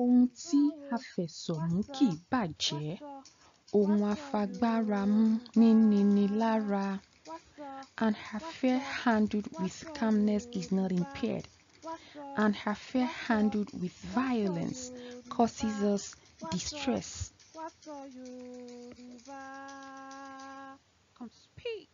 Ohun tí a fẹ̀sọ̀ mú kì í bàjẹ́, ohun afagbáramú ní nini lára. An affair handled with calmness is not impaired. An affair handled with violence causes us distress. Come speak.